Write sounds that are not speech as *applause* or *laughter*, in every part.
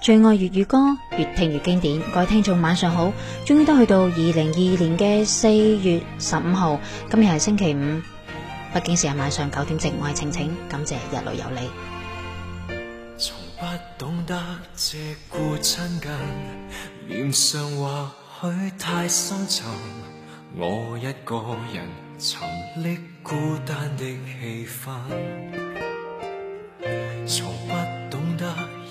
醉愛粵語歌，越聽越經典。各位聽眾晚上好，終於都去到二零二二年嘅四月十五號，今日係星期五，北京時間晚上九點整，我係晴晴，感謝一路有你。從不懂得借故親近，臉上或許太深沉。我一個人沉溺孤單的氣氛。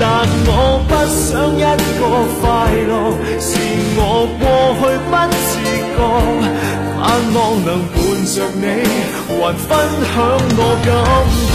但我不想一個快樂，是我過去不自覺，盼望能伴着你，還分享我感覺。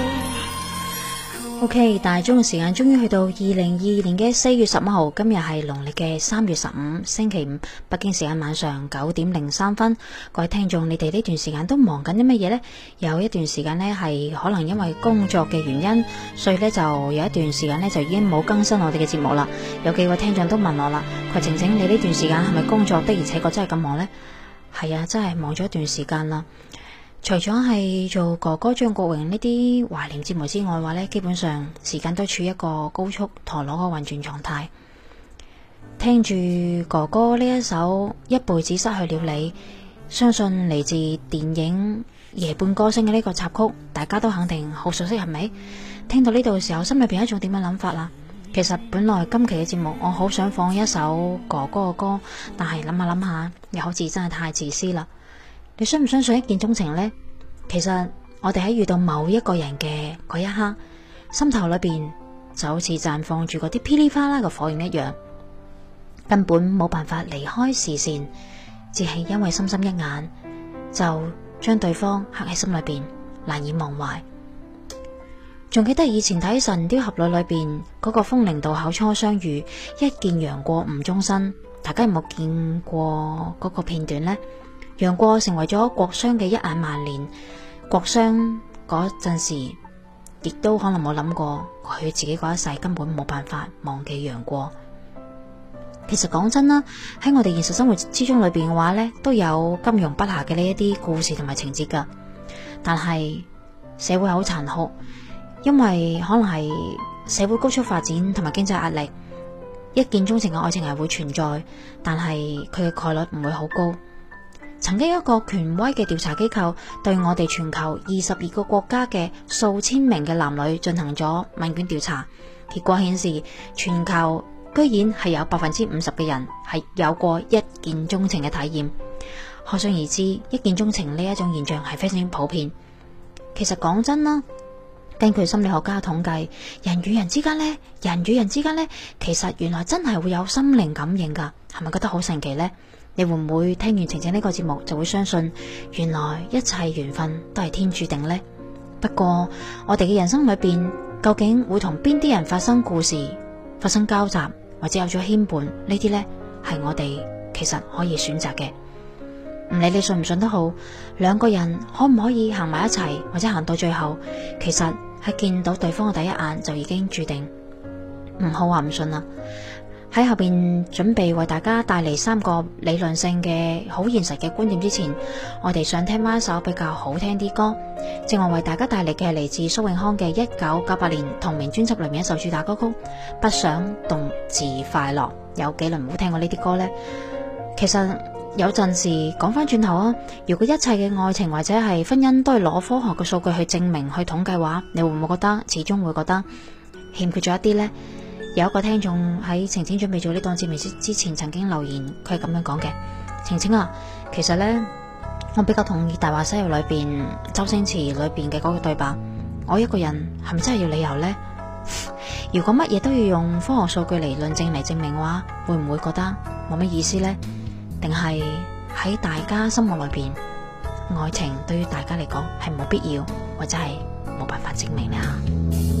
O、okay, K，大鐘嘅時間終於去到二零二二年嘅四月十五號，今日係農曆嘅三月十五，星期五，北京時間晚上九點零三分。各位聽眾，你哋呢段時間都忙緊啲乜嘢呢？有一段時間呢係可能因為工作嘅原因，所以呢就有一段時間呢就已經冇更新我哋嘅節目啦。有幾位聽眾都問我啦，話晴晴你呢段時間係咪工作的而且確真係咁忙呢？係啊，真係忙咗一段時間啦。除咗係做哥哥張國榮呢啲懷念節目之外嘅話咧，基本上時間都處一個高速陀螺嘅運轉狀態。聽住哥哥呢一首《一輩子失去了你》，相信嚟自電影《夜半歌聲》嘅呢個插曲，大家都肯定好熟悉，係咪？聽到呢度嘅時候，心裏邊有一種點樣諗法啦？其實本來今期嘅節目，我好想放一首哥哥嘅歌，但係諗下諗下，又好似真係太自私啦。你信唔相信一見鍾情咧？其實我哋喺遇到某一個人嘅嗰一刻，心頭裏邊就好似綻放住嗰啲噼里啪啦嘅火焰一樣，根本冇辦法離開視線，只係因為深深一眼，就將對方刻喺心裏邊，難以忘懷。仲記得以前睇《神雕俠侶》裏邊嗰個風陵渡口初相遇，一見楊過誤終身，大家有冇見過嗰個片段呢？楊過成為咗郭襄嘅一眼萬年，郭襄嗰陣時亦都可能冇諗過佢自己嗰一世根本冇辦法忘記楊過。其實講真啦，喺我哋現實生活之中裏邊嘅話呢，都有金庸筆下嘅呢一啲故事同埋情節噶。但係社會好殘酷，因為可能係社會高速發展同埋經濟壓力，一見鐘情嘅愛情係會存在，但係佢嘅概率唔會好高。曾經一個權威嘅調查機構對我哋全球二十二個國家嘅數千名嘅男女進行咗問卷調查，結果顯示全球居然係有百分之五十嘅人係有過一見鍾情嘅體驗。可想而知，一見鍾情呢一種現象係非常普遍。其實講真啦，根據心理學家統計，人與人之間呢，人與人之間呢，其實原來真係會有心靈感應噶，係咪覺得好神奇呢？你會唔會聽完晴晴呢個節目就會相信，原來一切緣分都係天注定呢？不過我哋嘅人生裏邊，究竟會同邊啲人發生故事、發生交集，或者有咗牽絆呢啲呢，係我哋其實可以選擇嘅。唔理你信唔信都好，兩個人可唔可以行埋一齊，或者行到最後，其實係見到對方嘅第一眼就已經注定。唔好話唔信啦。喺後邊準備為大家帶嚟三個理論性嘅好現實嘅觀點之前，我哋想聽翻一首比較好聽啲歌。正我為大家帶嚟嘅係嚟自蘇永康嘅一九九八年同名專輯裏面一首主打歌曲《不想獨自快樂》。有幾輪冇聽過呢啲歌呢？其實有陣時講翻轉頭啊，如果一切嘅愛情或者係婚姻都係攞科學嘅數據去證明、去統計嘅話，你會唔會覺得始終會覺得欠缺咗一啲呢？有一個聽眾喺晴晴準備做呢檔節目之前曾經留言，佢係咁樣講嘅：晴晴啊，其實呢，我比較同意《大話西遊》裏邊周星馳裏邊嘅嗰個對白，我一個人係咪真係要理由呢？如果乜嘢都要用科學數據嚟論證嚟證明嘅話，會唔會覺得冇乜意思呢？定係喺大家心目裏邊，愛情對於大家嚟講係冇必要，或者係冇辦法證明咧啊？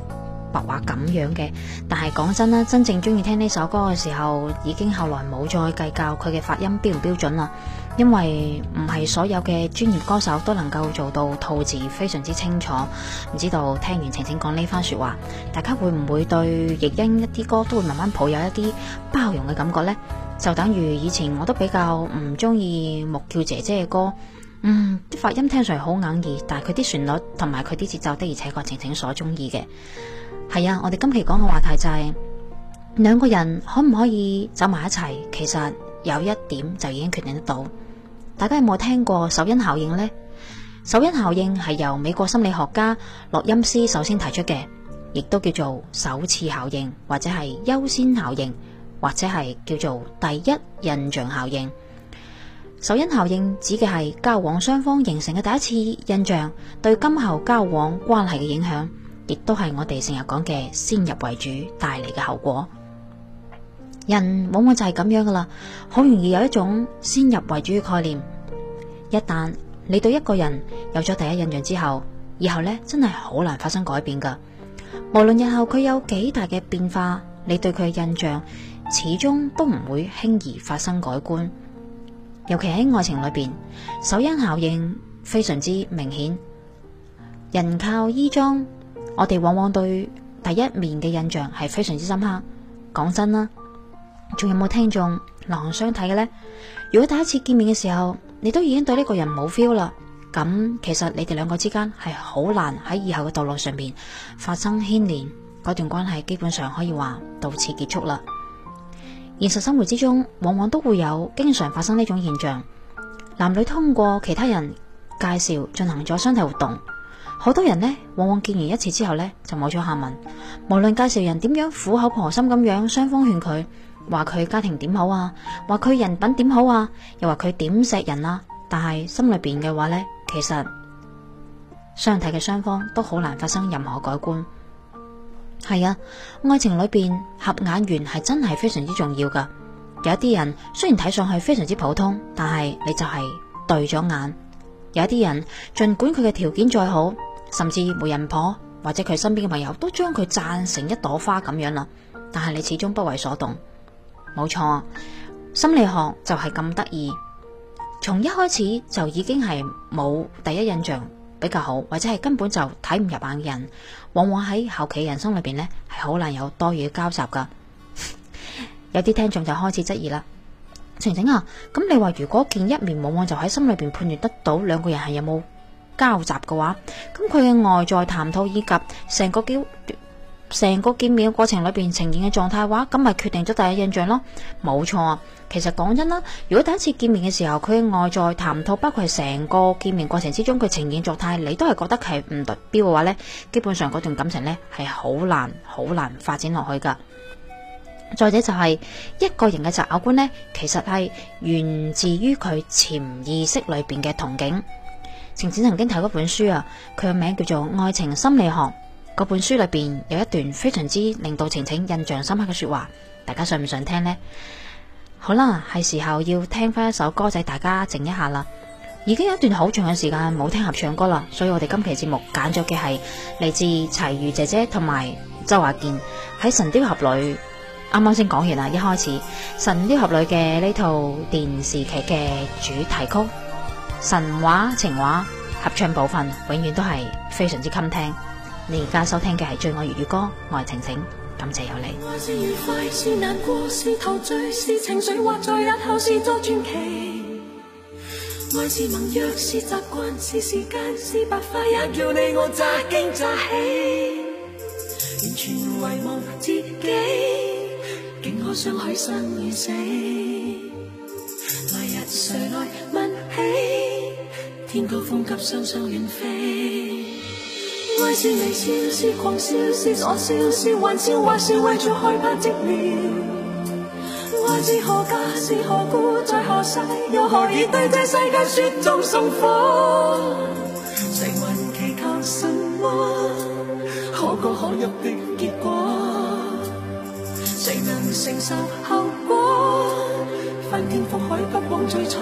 白話咁樣嘅，但係講真啦，真正中意聽呢首歌嘅時候，已經後來冇再計較佢嘅發音標唔標準啦。因為唔係所有嘅專業歌手都能夠做到吐字非常之清楚。唔知道聽完晴晴講呢番說話，大家會唔會對易欣一啲歌都會慢慢抱有一啲包容嘅感覺呢？就等於以前我都比較唔中意木叫姐姐嘅歌，嗯，啲發音聽上嚟好硬耳，但係佢啲旋律同埋佢啲節奏的，確晴晴的，而且確晴晴所中意嘅。係啊，我哋今期講嘅話題就係、是、兩個人可唔可以走埋一齊？其實有一點就已經決定得到。大家有冇聽過首因效應呢？首因效應係由美國心理學家洛欽斯首先提出嘅，亦都叫做首次效應，或者係優先效應，或者係叫做第一印象效應。首因效應指嘅係交往雙方形成嘅第一次印象對今後交往關係嘅影響。亦都係我哋成日講嘅先入為主帶嚟嘅後果。人往往就係咁樣噶啦，好容易有一種先入為主嘅概念。一旦你對一個人有咗第一印象之後，以後呢真係好難發生改變噶。無論日後佢有幾大嘅變化，你對佢嘅印象始終都唔會輕易發生改觀。尤其喺愛情裏邊，首因效應非常之明顯。人靠衣裝。我哋往往對第一面嘅印象係非常之深刻。講真啦，仲有冇聽眾行相睇嘅呢？如果第一次見面嘅時候，你都已經對呢個人冇 feel 啦，咁其實你哋兩個之間係好難喺以後嘅道路上面發生牽連，嗰段關係基本上可以話到此結束啦。現實生活之中，往往都會有經常發生呢種現象，男女通過其他人介紹進行咗相睇活動。好多人呢，往往見完一次之後呢，就冇咗下文。無論介紹人點樣苦口婆心咁樣雙方勸佢，話佢家庭點好啊，話佢人品點好啊，又話佢點錫人啊。但係心裏邊嘅話呢，其實相睇嘅雙方都好難發生任何改觀。係啊，愛情裏邊合眼緣係真係非常之重要噶。有啲人雖然睇上去非常之普通，但係你就係對咗眼。有啲人盡管佢嘅條件再好。甚至媒人婆或者佢身邊嘅朋友都將佢贊成一朵花咁樣啦，但係你始終不為所動，冇錯啊，心理學就係咁得意，從一開始就已經係冇第一印象比較好，或者係根本就睇唔入眼嘅人，往往喺後期人生裏邊呢，係好難有多餘嘅交集噶。 *laughs* 有啲聽眾就開始質疑啦，晴晴啊，咁你話如果見一面，往往就喺心裏邊判斷得到兩個人係有冇？交集嘅話，咁佢嘅外在談吐以及成個見成個見面嘅過程裏邊呈現嘅狀態嘅話，咁咪決定咗第一印象咯。冇錯，其實講真啦，如果第一次見面嘅時候佢嘅外在談吐，包括係成個見面過程之中佢呈現狀態，你都係覺得佢係唔達標嘅話呢，基本上嗰段感情呢係好難好難發展落去噶。再者就係、是、一個人嘅擇偶觀呢，其實係源自於佢潛意識裏邊嘅憧憬。晴晴曾經睇過本書啊，佢嘅名叫做《愛情心理學》。嗰本書裏邊有一段非常之令到晴晴印象深刻嘅說話，大家想唔想聽呢？好啦，係時候要聽翻一首歌仔，大家靜一下啦。已經有一段好長嘅時間冇聽合唱歌啦，所以我哋今期節目揀咗嘅係嚟自齊豫姐姐同埋周華健喺《神雕俠侶》。啱啱先講完啦，一開始《神雕俠侶》嘅呢套電視劇嘅主題曲。神話情話合唱部分永遠都係非常之襟聽，你而家收聽嘅係醉愛粵語歌，我係晴晴，感謝有你。天高風急，雙雙遠飛。愛是微笑，是狂笑，是傻笑，是玩笑，或是為著害怕寂寥。愛是何價，是何故，在何世，又何以對這世界雪中送火？誰還祈求什麼？可歌可泣的結果。誰能承受後果？翻天覆海不枉最初。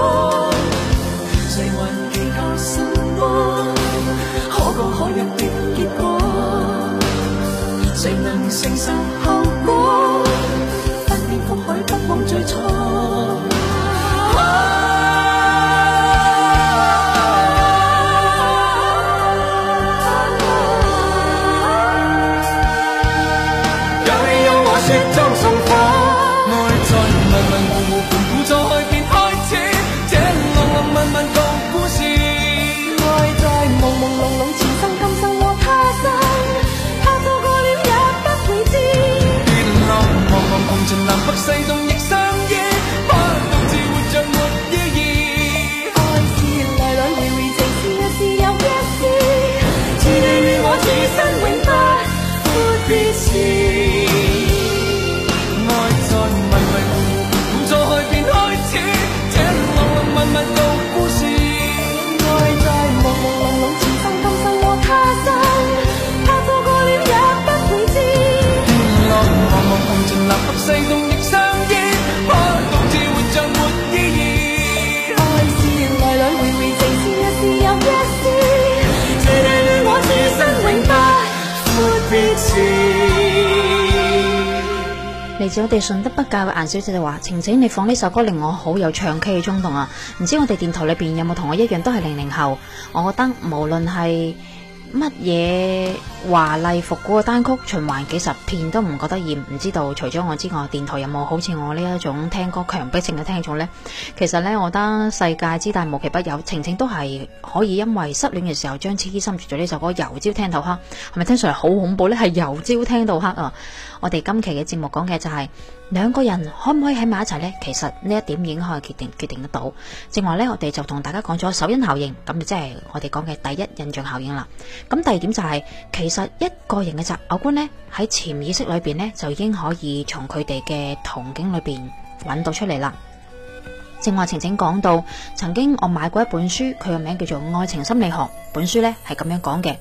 嚟自我哋順德北滘嘅顏小姐就話：晴晴，你放呢首歌令我好有唱 K 嘅衝動啊！唔知我哋電台裏邊有冇同我一樣都係零零後？我覺得無論係。乜嘢華麗復古嘅單曲循環幾十遍都唔覺得厭，唔知道除咗我之外，電台有冇好似我呢一種聽歌強迫症嘅聽眾呢？其實呢，我覺得世界之大無奇不有，晴晴都係可以因為失戀嘅時候，將痴心住咗呢首歌由朝聽到黑，係咪聽上嚟，好恐怖呢？係由朝聽到黑啊！我哋今期嘅節目講嘅就係、是。兩個人可唔可以喺埋一齊呢？其實呢一點已經可以決定決定得到。正話呢，我哋就同大家講咗首因效應，咁就即係我哋講嘅第一印象效應啦。咁第二點就係、是，其實一個人嘅擇偶觀呢，喺潛意識裏邊呢，就已應已經可以從佢哋嘅童景裏邊揾到出嚟啦。正話晴晴講到，曾經我買過一本書，佢嘅名叫做《愛情心理學》，本書呢係咁樣講嘅。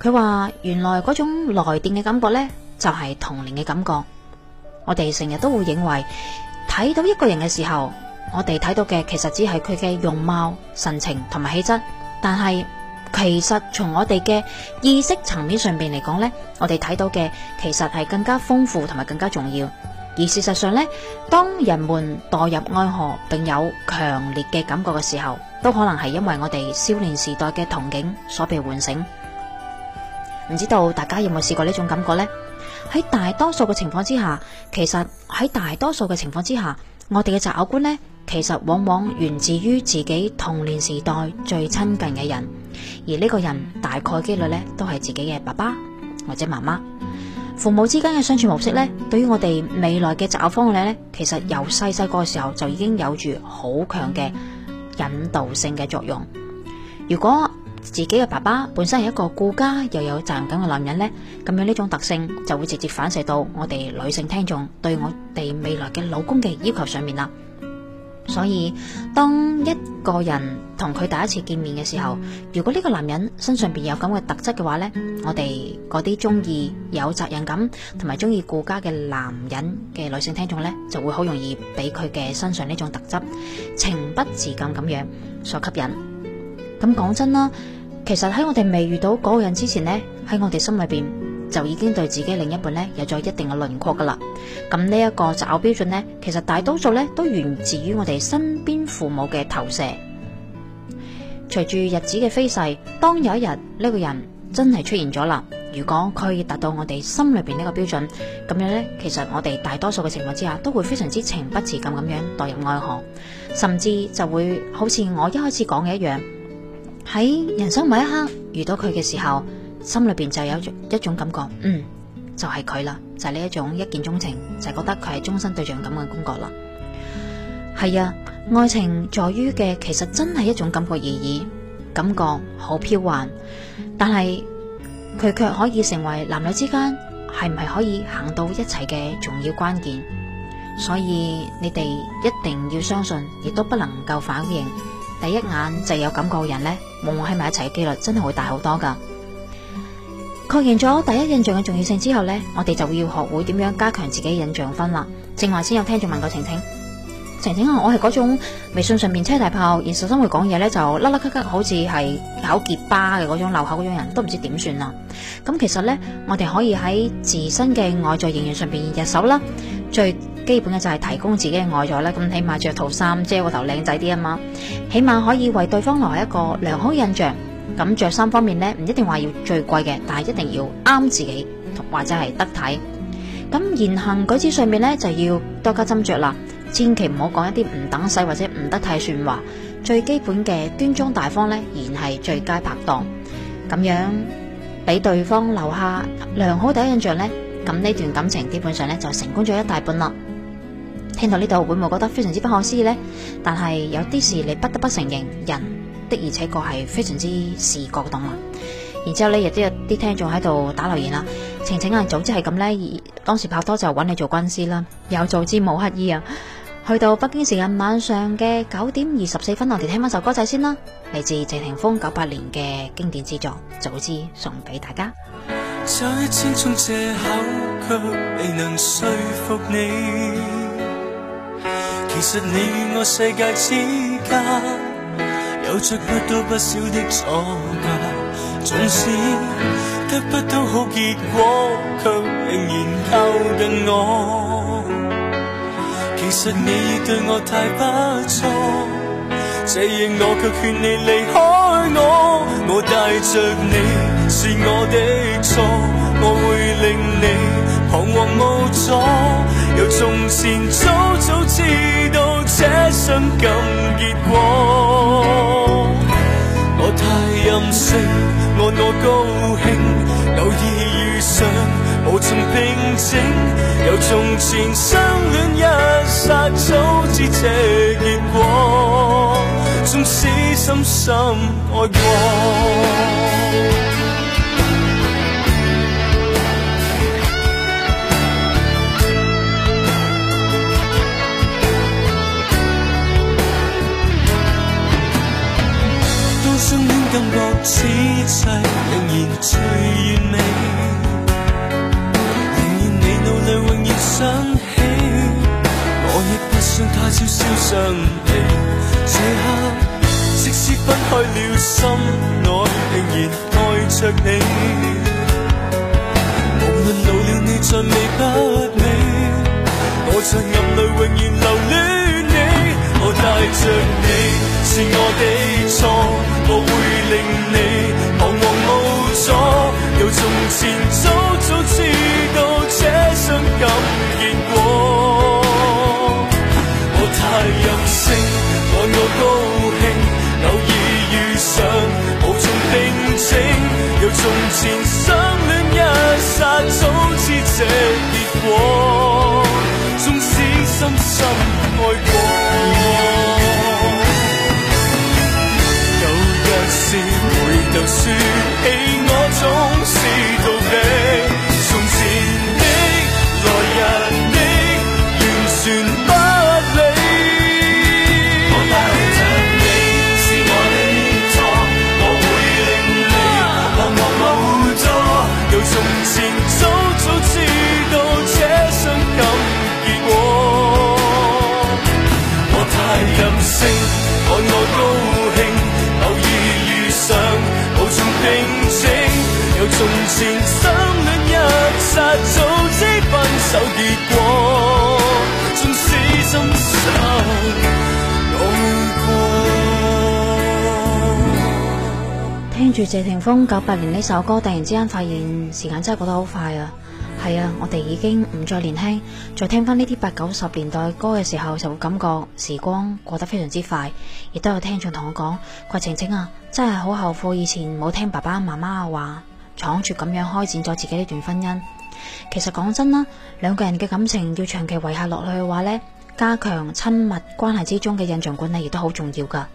佢話原來嗰種來電嘅感覺呢，就係、是、童年嘅感覺。我哋成日都會認為，睇到一個人嘅時候，我哋睇到嘅其實只係佢嘅容貌、神情同埋氣質。但係其實從我哋嘅意識層面上邊嚟講呢，我哋睇到嘅其實係更加豐富同埋更加重要。而事實上呢，當人們墮入愛河並有強烈嘅感覺嘅時候，都可能係因為我哋少年時代嘅憧憬所被喚醒。唔知道大家有冇試過呢種感覺呢？喺大多數嘅情況之下，其實喺大多數嘅情況之下，我哋嘅擇偶觀呢，其實往往源自於自己童年時代最親近嘅人，而呢個人大概幾率呢，都係自己嘅爸爸或者媽媽。父母之間嘅相處模式呢，對於我哋未來嘅擇偶方向呢，其實由細細個嘅時候就已經有住好強嘅引導性嘅作用。如果自己嘅爸爸本身係一個顧家又有責任感嘅男人咧，咁樣呢種特性就會直接反射到我哋女性聽眾對我哋未來嘅老公嘅要求上面啦。所以當一個人同佢第一次見面嘅時候，如果呢個男人身上邊有咁嘅特質嘅話咧，我哋嗰啲中意有責任感同埋中意顧家嘅男人嘅女性聽眾咧，就會好容易俾佢嘅身上呢種特質情不自禁咁樣所吸引。咁講真啦，其實喺我哋未遇到嗰個人之前呢，喺我哋心裏邊就已經對自己另一半呢有咗一定嘅輪廓噶啦。咁呢一個擇偶標準呢，其實大多數呢都源自於我哋身邊父母嘅投射。隨住日子嘅飛逝，當有一日呢個人真係出現咗啦，如果佢可以達到我哋心裏邊呢個標準，咁樣呢，其實我哋大多數嘅情況之下都會非常之情不自禁咁樣墮入愛河，甚至就會好似我一開始講嘅一樣。喺人生每一刻遇到佢嘅時候，心裏邊就有一種感覺，嗯，就係佢啦，就係呢一種一見鍾情，就係覺得佢係終身對象咁嘅感覺啦。係啊，愛情在於嘅其實真係一種感覺而已，感覺好飄幻，但係佢卻可以成為男女之間係唔係可以行到一齊嘅重要關鍵。所以你哋一定要相信，亦都不能夠反應。第一眼就有感覺嘅人呢，往往喺埋一齊嘅幾率真係會大好多噶。確認咗第一印象嘅重要性之後呢，我哋就會要學會點樣加強自己嘅印象分啦。正話先有聽眾問過晴晴，晴晴啊，我係嗰種微信上面車大炮，現實生活講嘢呢就甩甩咳咳，好似係口結巴嘅嗰種流口嗰種人，都唔知點算啦。咁其實呢，我哋可以喺自身嘅外在形象上邊入手啦。最基本嘅就係提供自己嘅外在啦。咁起碼着套衫，遮係個頭靚仔啲啊嘛，起碼可以為對方留一個良好印象。咁着衫方面呢，唔一定話要最貴嘅，但係一定要啱自己，或者係得體。咁言行舉止上面呢，就要多加斟酌啦。千祈唔好講一啲唔等勢或者唔得體算話。最基本嘅端莊大方呢，然係最佳拍檔。咁樣俾對方留下良好第一印象呢，咁呢段感情基本上呢，就成功咗一大半啦。聽到呢度會唔會覺得非常之不可思議呢？但係有啲事你不得不承認，人的而且確係非常之視覺嘅動物。然之後咧亦都有啲聽眾喺度打留言啦。晴晴啊，早知係咁呢，當時拍拖就揾你做軍師啦。有早知冇乞衣啊。去到北京時間晚上嘅九點二十四分，我哋聽翻首歌仔先啦，嚟自謝霆鋒九八年嘅經典之作《早知》，送俾大家。再其實你與我世界之間，有着不多不少的阻隔。縱使得不到好結果，卻仍然靠近我。其實你對我太不錯，這夜我卻勸你離開我。我帶着你是我的錯，我會令你彷徨無助。由從前早早知道這傷感結果，我太任性，愛我高興，偶爾遇上無從平靜。由從前相戀一剎，早知這結果，縱使深深愛過。感覺此際仍然最完美，寧願你腦裡，永遠想起，我亦不想他朝消失去。這刻，即使分開了心，心內仍然愛着你。無論老了你再美不美，我在暗裏永遠流。帶着你是我的錯，我會令你彷、哦、徨無助。由從前，早早知道這傷感結果。我太任性，我我高興，偶爾遇上無從平靜。由從前相戀一剎，早知這結果。縱使深深愛過。回頭說起，我總是逃避。聽住謝霆鋒九八年呢首歌，突然之間發現時間真係過得好快啊！係啊，我哋已經唔再年輕。再聽翻呢啲八九十年代歌嘅時候，就會感覺時光過得非常之快。亦都有聽眾同我講，郭晴晴啊，真係好後悔以前冇聽爸爸媽媽嘅話。闖住咁樣開展咗自己呢段婚姻，其實講真啦，兩個人嘅感情要長期維繫落去嘅話呢，加強親密關係之中嘅印象管理亦都好重要噶。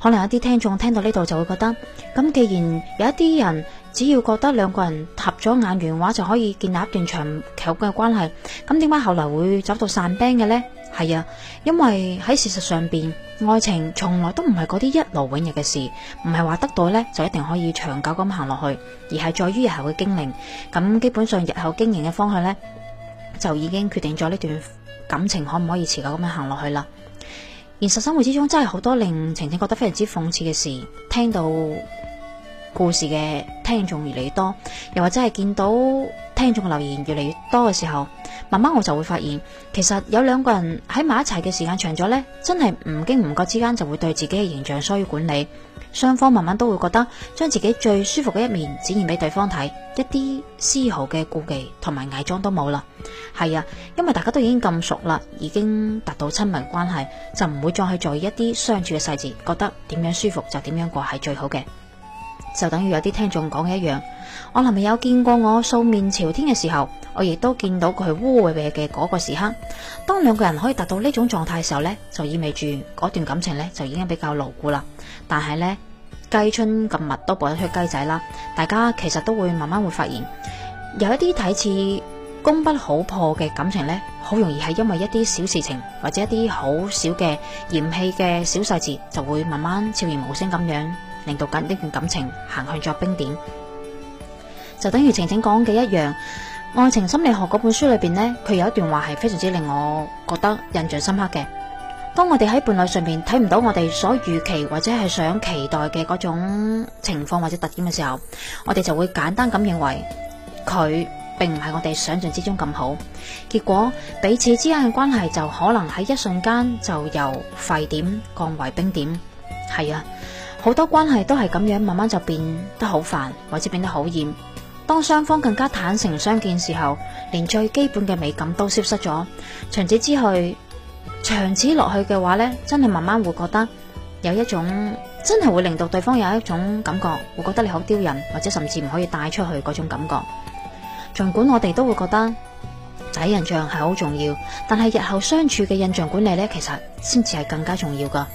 可能有啲聽眾聽到呢度就會覺得，咁既然有一啲人只要覺得兩個人合咗眼緣話就可以建立一段長久嘅關係，咁點解後來會走到散兵嘅呢？係啊，因為喺事實上邊，愛情從來都唔係嗰啲一勞永逸嘅事，唔係話得到呢，就一定可以長久咁行落去，而係在於日後嘅經歷。咁基本上日後經營嘅方向呢，就已經決定咗呢段感情可唔可以持久咁樣行落去啦。現實生活之中真係好多令晴晴覺得非常之諷刺嘅事，聽到。故事嘅聽眾越嚟越多，又或者係見到聽眾嘅留言越嚟越多嘅時候，慢慢我就會發現，其實有兩個人喺埋一齊嘅時間長咗呢，真係唔經唔覺之間就會對自己嘅形象疏於管理，雙方慢慢都會覺得將自己最舒服嘅一面展現俾對方睇，一啲絲毫嘅顧忌同埋偽裝都冇啦。係啊，因為大家都已經咁熟啦，已經達到親密關係，就唔會再去在意一啲相處嘅細節，覺得點樣舒服就點樣過係最好嘅。就等於有啲聽眾講嘅一樣，我男朋友見過我素面朝天嘅時候，我亦都見到佢污穢嘅嗰個時刻。當兩個人可以達到呢種狀態嘅時候呢，就意味住嗰段感情呢就已經比較牢固啦。但係呢，雞春咁密都抱得出雞仔啦。大家其實都會慢慢會發現，有一啲睇似功不好破嘅感情呢，好容易係因為一啲小事情或者一啲好小嘅嫌棄嘅小細節，就會慢慢悄然無聲咁樣。令到緊呢段感情行向咗冰點，就等於晴晴講嘅一樣。愛情心理學嗰本書裏邊呢，佢有一段話係非常之令我覺得印象深刻嘅。當我哋喺伴侶上面睇唔到我哋所預期或者係想期待嘅嗰種情況或者特點嘅時候，我哋就會簡單咁認為佢並唔係我哋想象之中咁好，結果彼此之間嘅關係就可能喺一瞬間就由沸點降為冰點。係啊。好多關係都係咁樣，慢慢就變得好煩，或者變得好厭。當雙方更加坦誠相見時候，連最基本嘅美感都消失咗。長此之去，長此落去嘅話呢，真係慢慢會覺得有一種真係會令到對方有一種感覺，會覺得你好丟人，或者甚至唔可以帶出去嗰種感覺。盡管我哋都會覺得，第一印象係好重要，但係日後相處嘅印象管理呢，其實先至係更加重要噶。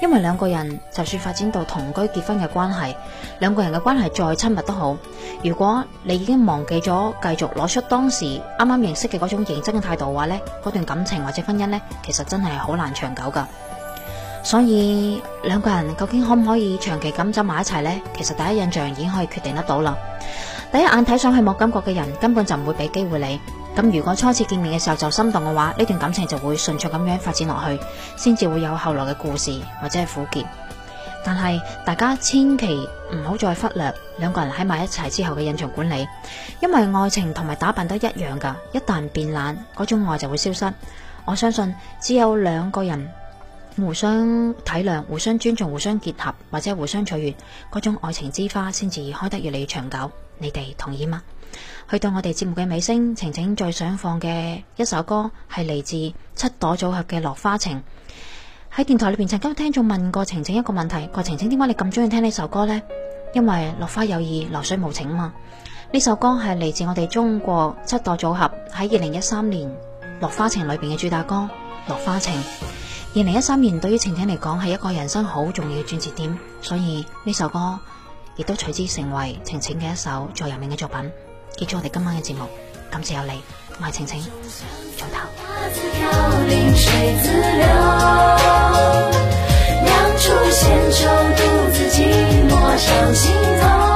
因為兩個人就算發展到同居結婚嘅關係，兩個人嘅關係再親密都好，如果你已經忘記咗繼續攞出當時啱啱認識嘅嗰種認真嘅態度嘅話呢，嗰段感情或者婚姻呢，其實真係好難長久噶。所以兩個人究竟可唔可以長期咁走埋一齊呢？其實第一印象已經可以決定得到啦。第一眼睇上去冇感覺嘅人，根本就唔會俾機會你。咁如果初次見面嘅時候就心動嘅話，呢段感情就會迅速咁樣發展落去，先至會有後來嘅故事或者係苦結。但係大家千祈唔好再忽略兩個人喺埋一齊之後嘅印象管理，因為愛情同埋打扮得一樣噶，一旦變懶，嗰種愛就會消失。我相信只有兩個人互相體諒、互相尊重、互相結合或者互相取悅，嗰種愛情之花先至開得越嚟越長久。你哋同意嗎？去到我哋節目嘅尾聲，晴晴最想放嘅一首歌係嚟自七朵組合嘅《落花情》。喺電台裏邊，曾經聽眾問過晴晴一個問題：「問晴晴點解你咁中意聽呢首歌呢？」因為落花有意，流水無情嘛。呢首歌係嚟自我哋中國七朵組合喺二零一三年《落花情》裏邊嘅主打歌《落花情》。二零一三年對於晴晴嚟講係一個人生好重要嘅轉折點，所以呢首歌亦都隨之成為晴晴嘅一首最有名嘅作品。記住我哋今晚嘅節目，感謝有你，我係晴晴，早唞。 *noise*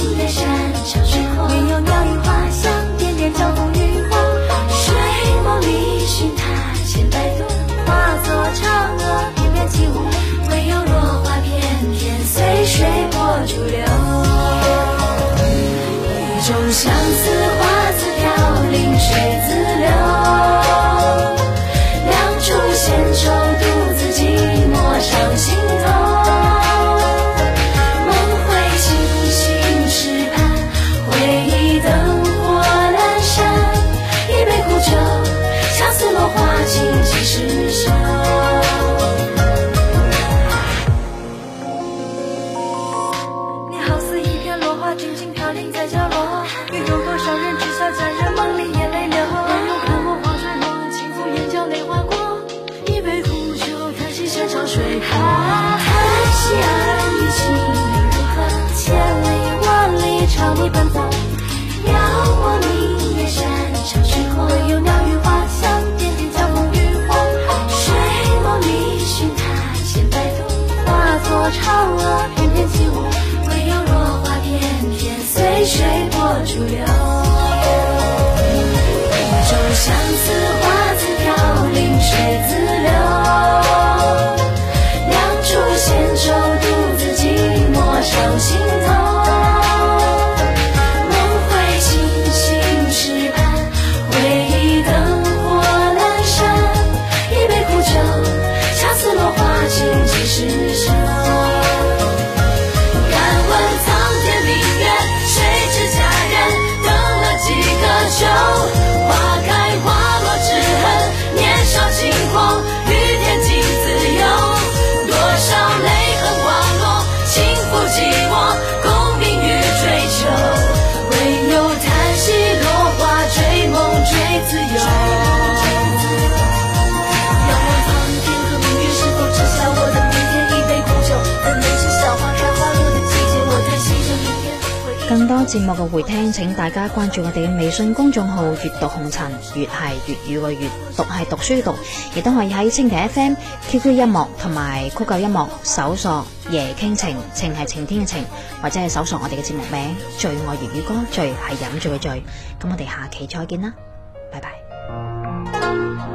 舞，唯有落花片片隨水波逐流，一種相思花。節目嘅回聽，請大家關注我哋嘅微信公眾號《粵讀紅塵》，粵係粵語嘅粵，讀係讀書嘅讀，亦都可以喺蜻蜓 FM、QQ 音樂同埋酷狗音樂搜索《夜傾情》，晴係晴天嘅情，或者係搜索我哋嘅節目名《醉愛粵語歌》，醉係飲醉嘅醉。咁我哋下期再見啦，拜拜。嗯嗯。